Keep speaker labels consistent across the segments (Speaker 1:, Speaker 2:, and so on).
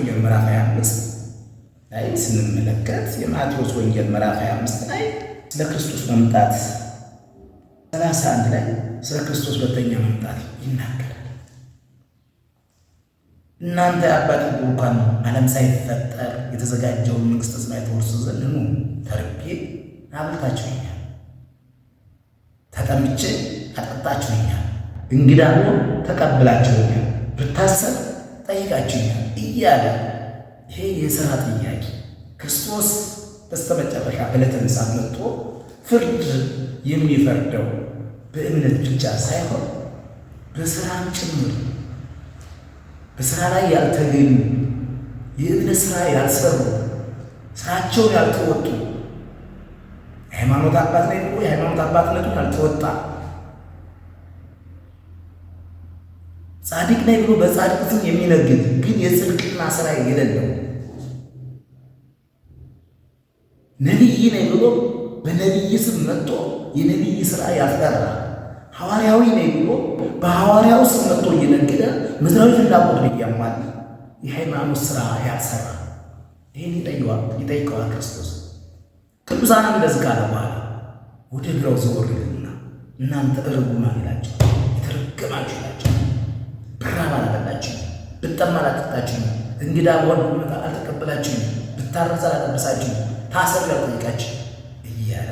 Speaker 1: ወንጌል ምዕራፍ 25 ላይ ስንመለከት የማቴዎስ ወንጌል ምዕራፍ 25 ላይ ስለ ክርስቶስ መምጣት 31 ላይ ስለ ክርስቶስ ሁለተኛ መምጣት ይናገራል። እናንተ አባት እንኳን ዓለም ሳይፈጠር የተዘጋጀውን መንግሥተ ሰማይ ተወርሱ ዘንድ ኑ ተርቤ አብልታችሁኛል፣ ተጠምቼ አጠጣችሁኛል፣ እንግዳ ሆኖ ተቀብላችሁኛል ብታሰብ ጠይቃችሁኛል እያለ ይሄ የሥራ ጥያቄ ክርስቶስ በስተመጨረሻ በዕለተ ምጽአት መጥቶ ፍርድ የሚፈርደው በእምነት ብቻ ሳይሆን በስራም ጭምር በስራ ላይ ያልተገኙ የእምነት ስራ ያልሰሩ ስራቸውን ያልተወጡ የሃይማኖት አባት ላይ የሃይማኖት አባትነቱን ያልተወጣ ጻድቅ ነኝ ብሎ በጻድቅ ስም የሚነግድ ግን የጽድቅና ስራ የሌለው ነቢይ ነኝ ብሎ በነቢይ ስም መጥቶ የነቢይ ስራ ያስቀራ ሐዋርያዊ ነኝ ብሎ በሐዋርያው ስም መጥቶ እየነገደ ምድራዊ ፍላጎት እያሟላ የሃይማኖት ስራ ያሰራ ይህን ይጠይቀዋል ክርስቶስ። ቅዱሳንም እንደዚህ ካለ በኋላ ወደ ግራው ዘወር ይልና እናንተ እርጉማን ይላቸው የተረገማችሁ ይላቸዋል። መድካም አላቀላችሁ፣ ብጠማ አላጠጣችሁ፣ እንግዳ በሆን ሁኔታ አልተቀበላችሁ፣ ብታረዝ አላጠበሳችሁ፣ ታሰሩ ያልጠይቃችሁ እያለ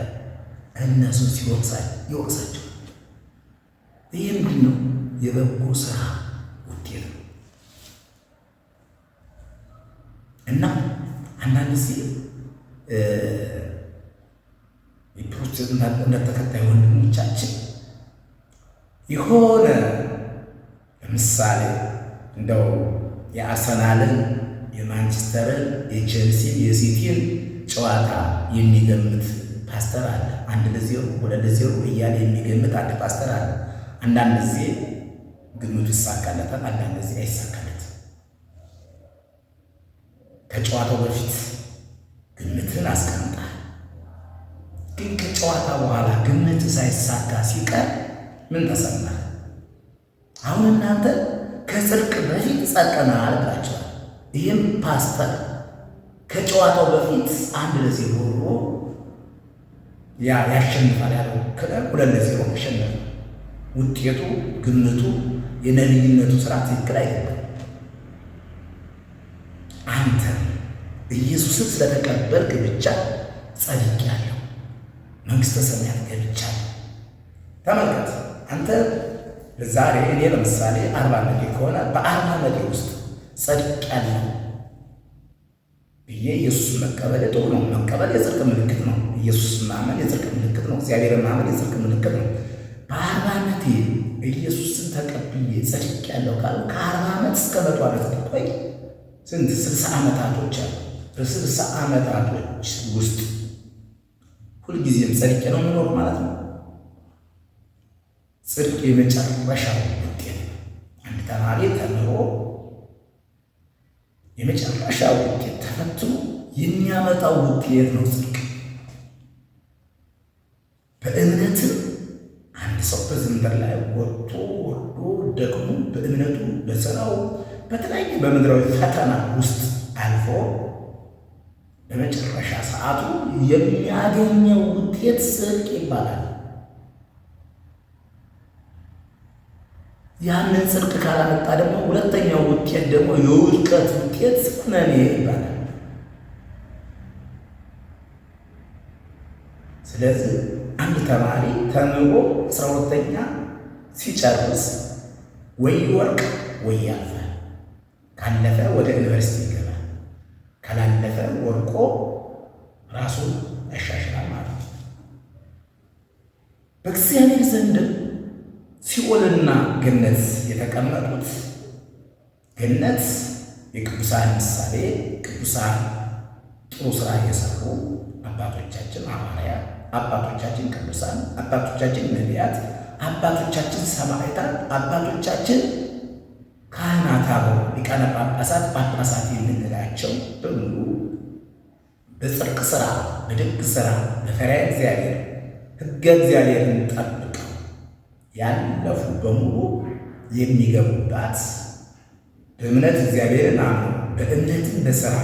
Speaker 1: እነሱ ሲወቅሳል ይወቅሳቸው። ይህ ምንድን ነው? የበጎ ስራ ውጤት ነው እና አንዳንድ ጊዜ የፕሮቴስታንት እምነት ወንድሞቻችን የሆነ ምሳሌ እንደው የአርሰናልን፣ የማንቸስተርን፣ የቼልሲን፣ የሲቲን ጨዋታ የሚገምት ፓስተር አለ። አንድ ለዜሮ ሁለት ለዜሮ እያለ የሚገምት አንድ ፓስተር አለ። አንዳንድ ጊዜ ግምቱ ይሳካለታል፣ አንዳንድ ጊዜ አይሳካለትም። ከጨዋታው በፊት ግምትን አስቀምጣል። ግን ከጨዋታ በኋላ ግምት ሳይሳካ ሲቀር ምን ተሰማል? አሁን እናንተ ከጽድቅ በፊት ጸድቀናል አልባቸው። ይህም ፓስተር ከጨዋታው በፊት አንድ ለዜሮ ሮ ያ ያሸንፋል ያለው ክለብ ሁለት ለዜሮ አሸነፈ። ውጤቱ ግምቱ የነልዩነቱ ስራ ትክክል አይደለም። አንተ ኢየሱስን ስለተቀበልክ ብቻ ጸድቅ ያለው መንግስተ ሰማያት ገብቻለሁ። ተመልከት አንተ ዛሬ እኔ ለምሳሌ አርባ ዓመቴ ከሆነ በአርባ ዓመቴ ውስጥ ጸድቅ ያለ ብዬ ኢየሱስ መቀበል ጥሩ ነው። መቀበል የጽድቅ ምልክት ነው። ኢየሱስ ማመን የጽድቅ ምልክት ነው። እግዚአብሔር ማመን የጽድቅ ምልክት ነው። በአርባ ዓመቴ ኢየሱስን ተቀብዬ ጸድቅ ያለው ካሉ ከአርባ ዓመት እስከ መቶ ዓመት ቆይ ስንት ስልሳ ዓመታቶች አሉ። በስልሳ ዓመታቶች ውስጥ ሁልጊዜም ጸድቅ ነው መኖር ማለት ነው። ጽድቅ የመጨረሻው ውጤት አንድ ተማሪ ተምሮ የመጨረሻ ውጤት ተፈትኖ የሚያመጣው ውጤት ነው ጽድቅ። በእምነትም አንድ ሰው በዝንበር ላይ ወጥቶ ወርዶ ደግሞ በእምነቱ በስራው በተለያየ በምድራዊ ፈተና ውስጥ አልፎ በመጨረሻ ሰዓቱ የሚያገኘው ውጤት ጽድቅ ይባላል። ያንን ጽድቅ ካላመጣ ደግሞ ሁለተኛው ውጤት ደግሞ የውድቀት ውጤት ኩነኔ ይባላል። ስለዚህ አንድ ተማሪ ተምሮ አስራ ሁለተኛ ሲጨርስ ወይ ወርቅ ወይ ያልፋል። ካለፈ ወደ ዩኒቨርሲቲ ይገባል። ካላለፈ ወርቆ ራሱን ያሻሽላል ማለት ነው በእግዚአብሔር ዘንድም ሲኦልና ገነት የተቀመጡት ገነት የቅዱሳን ምሳሌ ቅዱሳን ጥሩ ስራ እየሰሩ አባቶቻችን ሐዋርያ አባቶቻችን ቅዱሳን አባቶቻችን ነቢያት አባቶቻችን ሰማዕታት አባቶቻችን ካህናት አበው ሊቃነ ጳጳሳት ጳጳሳት የምንላቸው በሙሉ በጽድቅ ስራ በድንቅ ስራ በፈሪሃ እግዚአብሔር ሕገ እግዚአብሔርን ጠብ ያለፉ በሙሉ የሚገቡባት በእምነት እግዚአብሔርን አምነው በእምነትም በስራ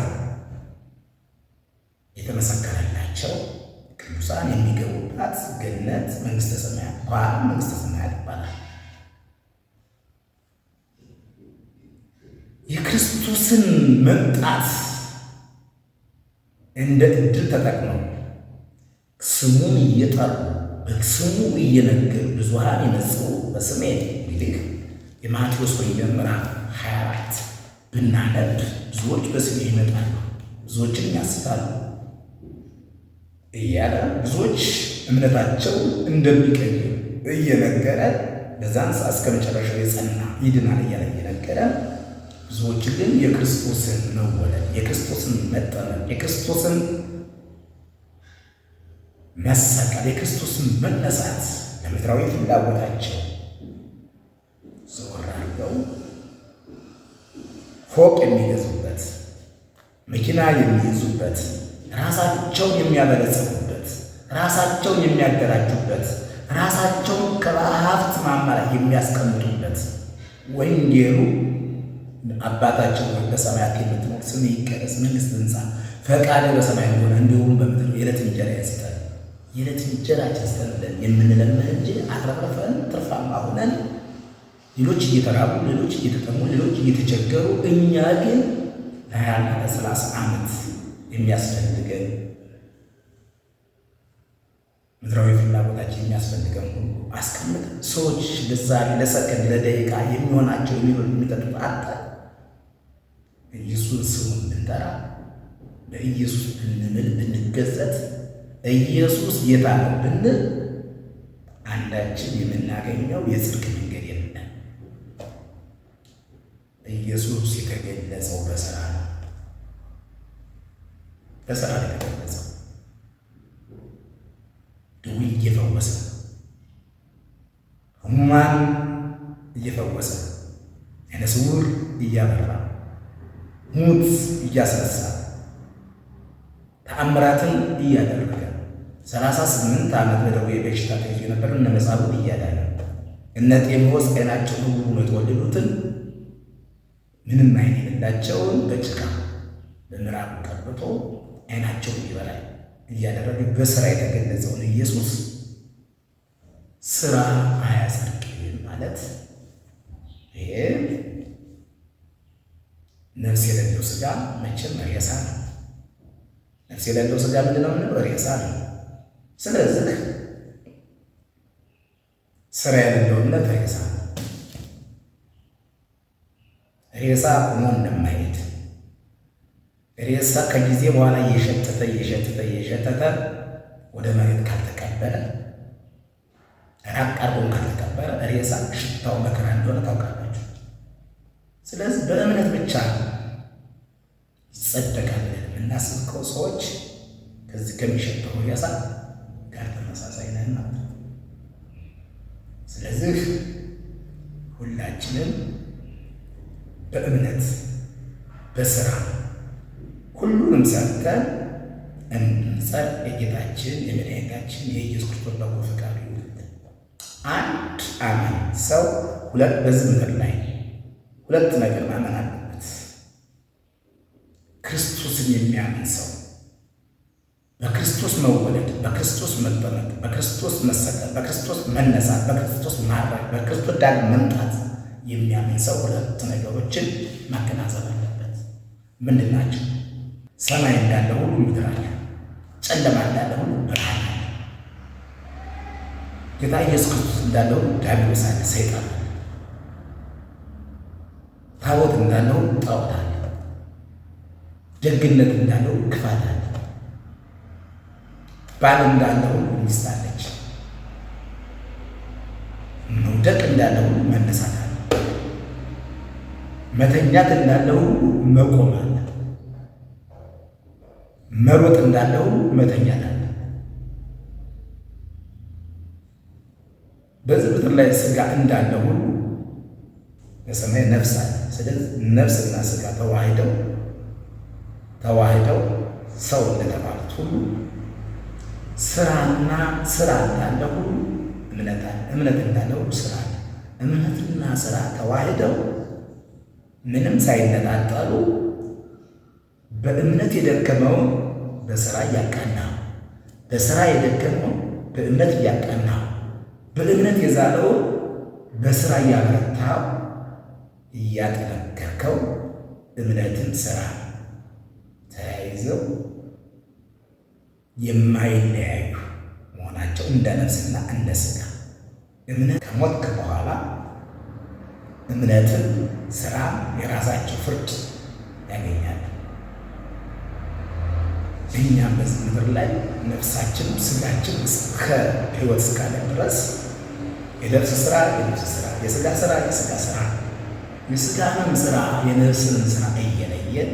Speaker 1: የተመሰከረላቸው ቅዱሳን የሚገቡባት ገነት መንግስተ ሰማያት በዓለም መንግስተ ሰማያት ይባላል። የክርስቶስን መምጣት እንደ እድል ተጠቅመው ስሙን እየጠሩ በስሙ እየነገሩ ብዙሃን የነጽሩ በስሜ ይልቅ የማቴዎስ ወንጌል ምዕራፍ 24 ብናነብ ብዙዎች በስሜ ይመጣሉ፣ ብዙዎችን ያስታሉ እያለ ብዙዎች እምነታቸው እንደሚቀኝ እየነገረ በዛን ሰዓት እስከ መጨረሻው የጸና ይድናል እያለ እየነገረ ብዙዎች ግን የክርስቶስን መወለድ፣ የክርስቶስን መጠመቅ፣ የክርስቶስን መሰቀል የክርስቶስን መነሳት ለምድራዊ ፍላጎታቸው ዘወር አድርገው ፎቅ የሚገዙበት፣ መኪና የሚይዙበት፣ ራሳቸውን የሚያበለጽጉበት፣ ራሳቸውን የሚያደራጁበት፣ ራሳቸውን ከባሀብት ማማ ላይ የሚያስቀምጡበት ወንጌሉ አባታቸው ወይ በሰማያት የምትኖር ስምህ ይቀደስ፣ መንግስት ትምጻእ፣ ፈቃድህ በሰማይ እንደሆነ እንዲሁም በምድር የዕለት እንጀራችንን ያስታል የዕለት እንጀራችን አስተምረን የምንለምን እንጂ አትረፍረፈን ትርፋማ ሆነን ሌሎች እየተራቡ ሌሎች እየተጠሙ ሌሎች እየተቸገሩ እኛ ግን ለሀያና ለሰላሳ ዓመት የሚያስፈልገን ምድራዊ ፍላጎታችን የሚያስፈልገን ሁሉ አስቀምጥ። ሰዎች ለዛሬ ለሰከንድ ለደቂቃ የሚሆናቸው የሚበሉ የሚጠጡት አጣ ኢየሱስን ስሙን ብንጠራ ለኢየሱስ ብንምል ብንገዘት ኢየሱስ ጌታ ነው ብንል አንዳችን የምናገኘው የጽድቅ መንገድ የለ። ኢየሱስ የተገለጸው በስራ ነው። በስራ ነው የተገለጸው። ድውይ እየፈወሰ ሕሙማን እየፈወሰ ዓይነ ስውር እያበራ ሙት እያስነሳ ተአምራትን እያደረገ ሰላሳ ስምንት ዓመት በደዌ በሽታ ተይዞ የነበረ እነ መጻጉዕ እያዳነ እነ ጤሞስ ቀናቸው ሁሉ የተወለዱትን ምንም አይን የሌላቸውን በጭቃ በምራቁ ቀብቶ አይናቸውን ይበላል እያደረገ በስራ የተገለጸውን ኢየሱስ ስራ አያጸድቅም ማለት ይሄ ነፍስ የሌለው ስጋ መቼም ሬሳ ነው። ነፍስ የሌለው ስጋ ምንድነው? ሬሳ ነው። ስለዚህ ስራ የሌለው እምነት ሬሳ ሬሳ ቆሞ እንደማይሄድ ሬሳ ከጊዜ በኋላ እየሸተተ እየሸተተ እየሸተተ ወደ መሬት ካልተቀበረ ራቅ አርጎን ካልተቀበረ ሬሳ ሽታው መከራ እንደሆነ ታውቃላችሁ። ስለዚህ በእምነት ብቻ ይጸደቃል የምናስብቀው ሰዎች ከዚህ ከሚሸተው ሬሳ ስለዚህ ሁላችንም በእምነት በስራ ሁሉንም ሰጥተን እንጸል። የጌታችን የመድኃኒታችን የኢየሱስ ክርስቶስ በጎ ፈቃዱ ይሁንልን። አንድ አመን ሰው ሁለት በዚህ ምድር ላይ ሁለት ነገር ማመን አለበት። ክርስቶስን የሚያምን ሰው በክርስቶስ መወለድ በክርስቶስ መበረድ፣ በክርስቶስ መሰቀል፣ በክርስቶስ መነሳት፣ በክርስቶስ ማድረግ፣ በክርስቶስ ዳግም መምጣት የሚያምን ሰው ሁለት ነገሮችን ማገናዘብ አለበት። ምንድን ናቸው? ሰማይ እንዳለ ሁሉ ምድር አለ፣ ጨለማ እንዳለ ሁሉ ብርሃን አለ። ጌታ ኢየሱስ ክርስቶስ እንዳለ ሁሉ ዲያብሎስ አለ፣ ሰይጣን አለ። ታቦት እንዳለ ሁሉ ጣዖት አለ። ደግነት እንዳለ ሁሉ ክፋት አለ። ባል እንዳለ ሁሉ ሚስት አለች። መውደቅ እንዳለ ሁሉ መነሳት አለ። መተኛት እንዳለ ሁሉ መቆም አለ። መሮጥ እንዳለ ሁሉ መተኛት አለ። በዚህ ምድር ላይ ስጋ እንዳለ ሁሉ በሰማይ ነፍስ አለ። ስለዚህ ነፍስና ስጋ ተዋሂደው ተዋሂደው ሰው እንደተባሉት ሁሉ ስራና ስራ እንዳለ ሁሉ እምነት አለ። እንዳለ ሁሉ ስራ አለ። እምነትና ስራ ተዋህደው ምንም ሳይነጣጠሉ በእምነት የደከመውን በስራ እያቀናው፣ በስራ የደከመውን በእምነት እያቀናው፣ በእምነት የዛለውን በስራ እያበረታው እያጠነከርከው እምነትን ስራ ተያይዘው የማይለያዩ መሆናቸው እንደ ነፍስና እንደ ስጋ እምነት ከሞት በኋላ እምነትን ስራ የራሳቸው ፍርድ ያገኛል እኛም በዚህ ምድር ላይ ነፍሳችንም ስጋችን እስከ ህይወት እስካለ ድረስ የነፍስ ስራ የነፍስ ስራ፣ የስጋ ስራ የስጋ ስራ፣ የስጋንም ስራ የነፍስንም ስራ እየለየን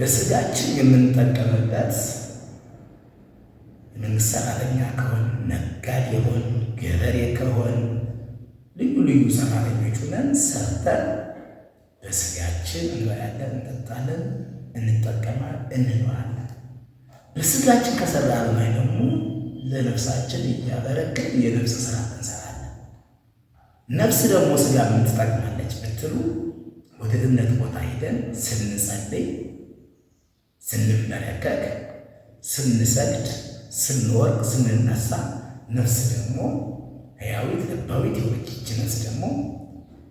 Speaker 1: ለስጋችን የምንጠቀምበት መንግስት ሰራተኛ ከሆን፣ ነጋዴ የሆን፣ ገበሬ ከሆን ልዩ ልዩ ሰራተኞች ሆነን ሰርተን በስጋችን እንበላለን፣ እንጠጣለን፣ እንጠቀማለን፣ እንኖራለን። በስጋችን ከሰራ በላይ ደግሞ ለነፍሳችን እያበረክን የነፍስ ስራ እንሰራለን። ነፍስ ደግሞ ስጋ ምን ትጠቅማለች ብትሉ ወደ እምነት ቦታ ሂደን ስንጸልይ፣ ስንመለከክ፣ ስንሰግድ ስንወርቅ ስንነሳ ነፍስ ደግሞ ሕያዊት ልባዊት የሆነች ነፍስ ደግሞ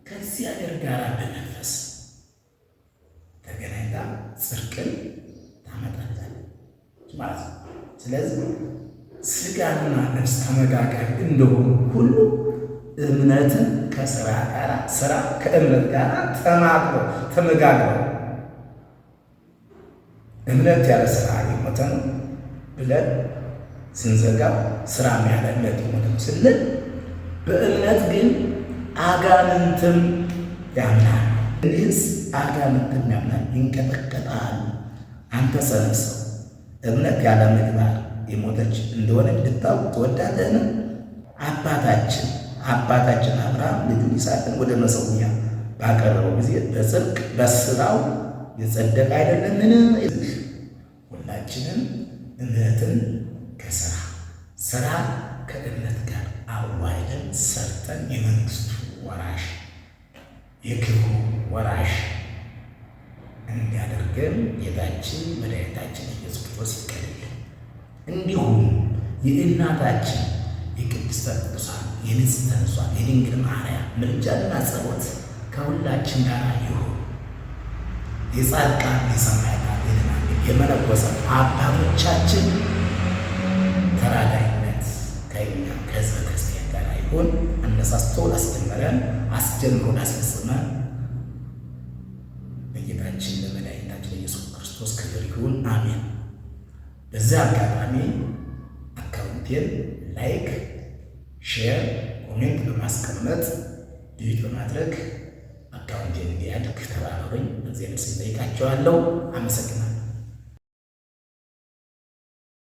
Speaker 1: ከዚህ አገር ጋር በመንፈስ ተገናኝታ ጽድቅን ታመጣለች ማለት ነው። ስለዚህ ስጋና ነፍስ ተመጋገር እንደሆኑ ሁሉ እምነትን ከስራ ጋር ስራ ከእምነት ጋር ተማቅሮ ተመጋግሮ እምነት ያለ ስራ የሞተ ነው ብለን ስንዘጋ ስራ እምነት ሆነም ስንል በእምነት ግን አጋንንትም ያምናል። እንዲህስ አጋንንትም ያምናል፣ ይንቀጠቀጣል። አንተ ሰነሰው እምነት ያለ ምግባር የሞተች እንደሆነ እንድታውቅ ትወዳለህን? አባታችን አባታችን አብርሃም ልጁን ይስሐቅን ወደ መሰውያ ባቀረበው ጊዜ በጽድቅ በስራው የጸደቀ አይደለምን? ሁላችንም እምነትን ስራ ከእምነት ጋር አዋይደን ሰርተን የመንግስቱ ወራሽ የክብሩ ወራሽ እንዲያደርገን ጌታችን መድኃኒታችን ኢየሱስ ክርስቶስ ይቀልል። እንዲሁም የእናታችን የቅድስተ ቅዱሳን የንጽሕተ ንጹሐን የድንግል ማርያም ምልጃና ጸሎት ከሁላችን ጋር ይሁን። የጻድቃን የሰማዕታት የደናግል የመነኮሳት አባቶቻችን ተራዳይ እንድንሆን አነሳስቶ አስጀመረን፣ አስጀምሮን አስፈጽመን በጌታችን በመድኃኒታችን በኢየሱስ ክርስቶስ ክብር ይሁን፣ አሜን። በዚህ አጋጣሚ አካውንቴን ላይክ፣ ሼር፣ ኮሜንት በማስቀመጥ ልዩት በማድረግ አካውንቴን እንዲያድግ ተባበሩኝ። በዚህ ምስል ጠይቃቸዋለሁ። አመሰግናለሁ።